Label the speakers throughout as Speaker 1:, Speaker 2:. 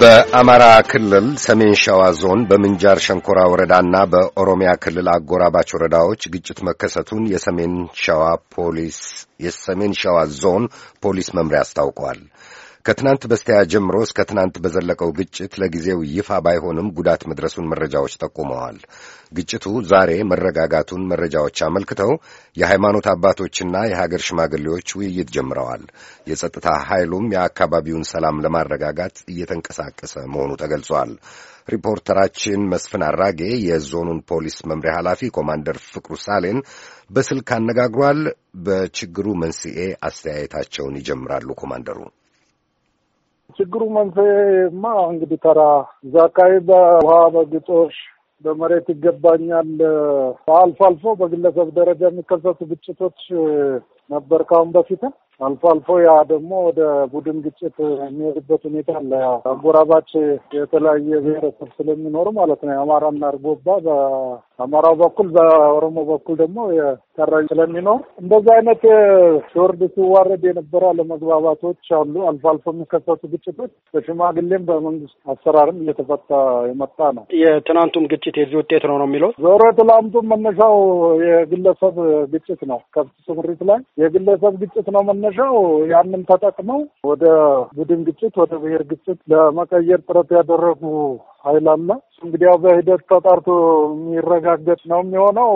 Speaker 1: በአማራ ክልል ሰሜን ሸዋ ዞን በምንጃር ሸንኮራ ወረዳና በኦሮሚያ ክልል አጎራባች ወረዳዎች ግጭት መከሰቱን የሰሜን ሸዋ ፖሊስ የሰሜን ሸዋ ዞን ፖሊስ መምሪያ አስታውቋል። ከትናንት በስቲያ ጀምሮ እስከ ትናንት በዘለቀው ግጭት ለጊዜው ይፋ ባይሆንም ጉዳት መድረሱን መረጃዎች ጠቁመዋል። ግጭቱ ዛሬ መረጋጋቱን መረጃዎች አመልክተው የሃይማኖት አባቶችና የሀገር ሽማግሌዎች ውይይት ጀምረዋል። የጸጥታ ኃይሉም የአካባቢውን ሰላም ለማረጋጋት እየተንቀሳቀሰ መሆኑ ተገልጿል። ሪፖርተራችን መስፍን አራጌ የዞኑን ፖሊስ መምሪያ ኃላፊ ኮማንደር ፍቅሩ ሳሌን በስልክ አነጋግሯል። በችግሩ መንስኤ አስተያየታቸውን ይጀምራሉ ኮማንደሩ።
Speaker 2: ችግሩ መንስኤማ እንግዲህ ተራ እዛ አካባቢ በውሃ በግጦሽ በመሬት ይገባኛል አልፎ አልፎ በግለሰብ ደረጃ የሚከሰቱ ግጭቶች ነበር ካሁን በፊትም አልፎ አልፎ ያ ደግሞ ወደ ቡድን ግጭት የሚሄድበት ሁኔታ አለ። አጎራባች የተለያየ ብሔረሰብ ስለሚኖሩ ማለት ነው። የአማራና አርጎባ በአማራው በኩል በኦሮሞ በኩል ደግሞ የተራ ስለሚኖር እንደዚህ አይነት ሲወርድ ሲዋረድ የነበረ አለመግባባቶች አሉ። አልፎ አልፎ የሚከሰቱ ግጭቶች በሽማግሌም በመንግስት አሰራርም እየተፈታ የመጣ ነው።
Speaker 3: የትናንቱም ግጭት የዚህ ውጤት ነው ነው የሚለው ዞሮ
Speaker 2: ትናንቱም መነሻው የግለሰብ ግጭት ነው ከብት ስምሪት ላይ የግለሰብ ግጭት ነው መነሻው። ያንን ተጠቅመው ወደ ቡድን ግጭት፣ ወደ ብሔር ግጭት ለመቀየር ጥረት ያደረጉ ኃይል አለ። እንግዲያው በሂደት ተጣርቶ የሚረጋገጥ ነው የሚሆነው።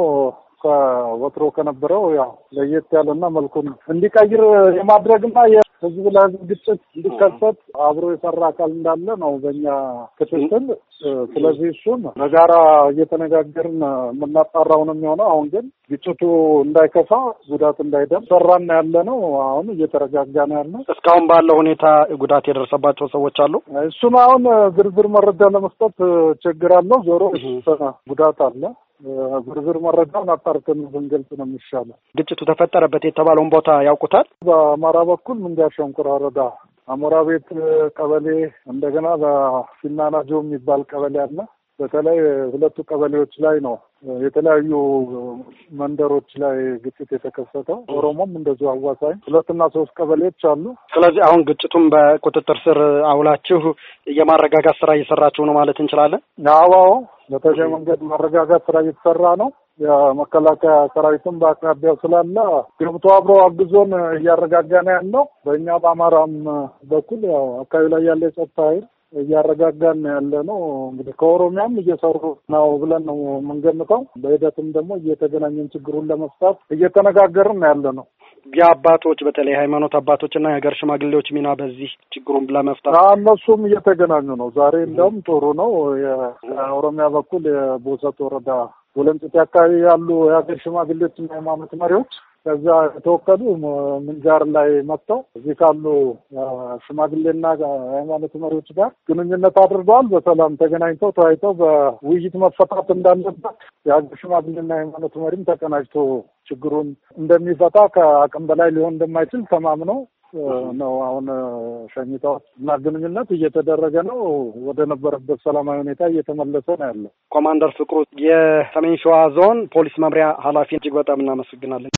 Speaker 2: ከወትሮ ከነበረው ያው ለየት ያለና መልኩን እንዲቀይር የማድረግና ህዝብ ለህዝብ ግጭት እንዲከሰት አብሮ የሰራ አካል እንዳለ ነው በኛ ክትትል። ስለዚህ እሱን በጋራ እየተነጋገርን የምናጣራው ነው የሚሆነው። አሁን ግን ግጭቱ እንዳይከፋ፣ ጉዳት እንዳይደርስ ሰራና ያለ ነው። አሁን እየተረጋጋ ነው ያለ።
Speaker 3: እስካሁን ባለው ሁኔታ ጉዳት የደረሰባቸው ሰዎች አሉ። እሱን
Speaker 2: አሁን ዝርዝር መረጃ ለመስጠት ችግር አለው። ዞሮ ጉዳት አለ። ዝርዝር መረጃውን አጣርተን ብንገልጽ ነው የሚሻለው።
Speaker 3: ግጭቱ ተፈጠረበት የተባለውን ቦታ ያውቁታል?
Speaker 2: በአማራ በኩል ምንጃር ሸንኮራ ወረዳ አሞራ ቤት ቀበሌ፣ እንደገና በፊናናጆ የሚባል ቀበሌ አለ። በተለይ ሁለቱ ቀበሌዎች ላይ ነው የተለያዩ መንደሮች ላይ ግጭት የተከሰተው። ኦሮሞም እንደዚሁ አዋሳኝ
Speaker 3: ሁለትና ሶስት ቀበሌዎች አሉ። ስለዚህ አሁን ግጭቱም በቁጥጥር ስር አውላችሁ የማረጋጋት ስራ እየሰራችሁ ነው ማለት እንችላለን? አዎ፣ በተለይ መንገድ ማረጋጋት ስራ እየተሰራ
Speaker 2: ነው። የመከላከያ ሰራዊትም በአቅራቢያው ስላለ ገብቶ አብሮ አግዞን እያረጋጋን ያለው በእኛ በአማራም በኩል ያው አካባቢ ላይ ያለ የጸጥታ ኃይል እያረጋጋን ያለ ነው። እንግዲህ ከኦሮሚያም እየሰሩ ነው ብለን ነው የምንገምተው።
Speaker 3: በሂደትም ደግሞ እየተገናኘን ችግሩን ለመፍታት እየተነጋገርን ያለ ነው። የአባቶች በተለይ ሃይማኖት አባቶችና የሀገር ሽማግሌዎች ሚና በዚህ ችግሩን ለመፍታት እነሱም እየተገናኙ ነው። ዛሬ እንደውም ጥሩ ነው። የኦሮሚያ በኩል የቦሰት ወረዳ
Speaker 2: ወለምጤቴ አካባቢ ያሉ የሀገር ሽማግሌዎችና ሃይማኖት መሪዎች ከዛ የተወከሉ ምንጃር ላይ መጥተው እዚህ ካሉ ሽማግሌና ሃይማኖት መሪዎች ጋር ግንኙነት አድርገዋል። በሰላም ተገናኝተው ተወያይተው በውይይት መፈታት እንዳለበት የሀገር ሽማግሌና ሃይማኖት መሪም ተቀናጅቶ ችግሩን እንደሚፈታ ከአቅም በላይ ሊሆን እንደማይችል ተማምነው ነው አሁን ሸኝታዎች እና ግንኙነት እየተደረገ ነው።
Speaker 3: ወደ ነበረበት ሰላማዊ ሁኔታ እየተመለሰ ነው ያለው። ኮማንደር ፍቅሩ የሰሜን ሸዋ ዞን ፖሊስ መምሪያ ኃላፊ፣ እጅግ በጣም እናመሰግናለን።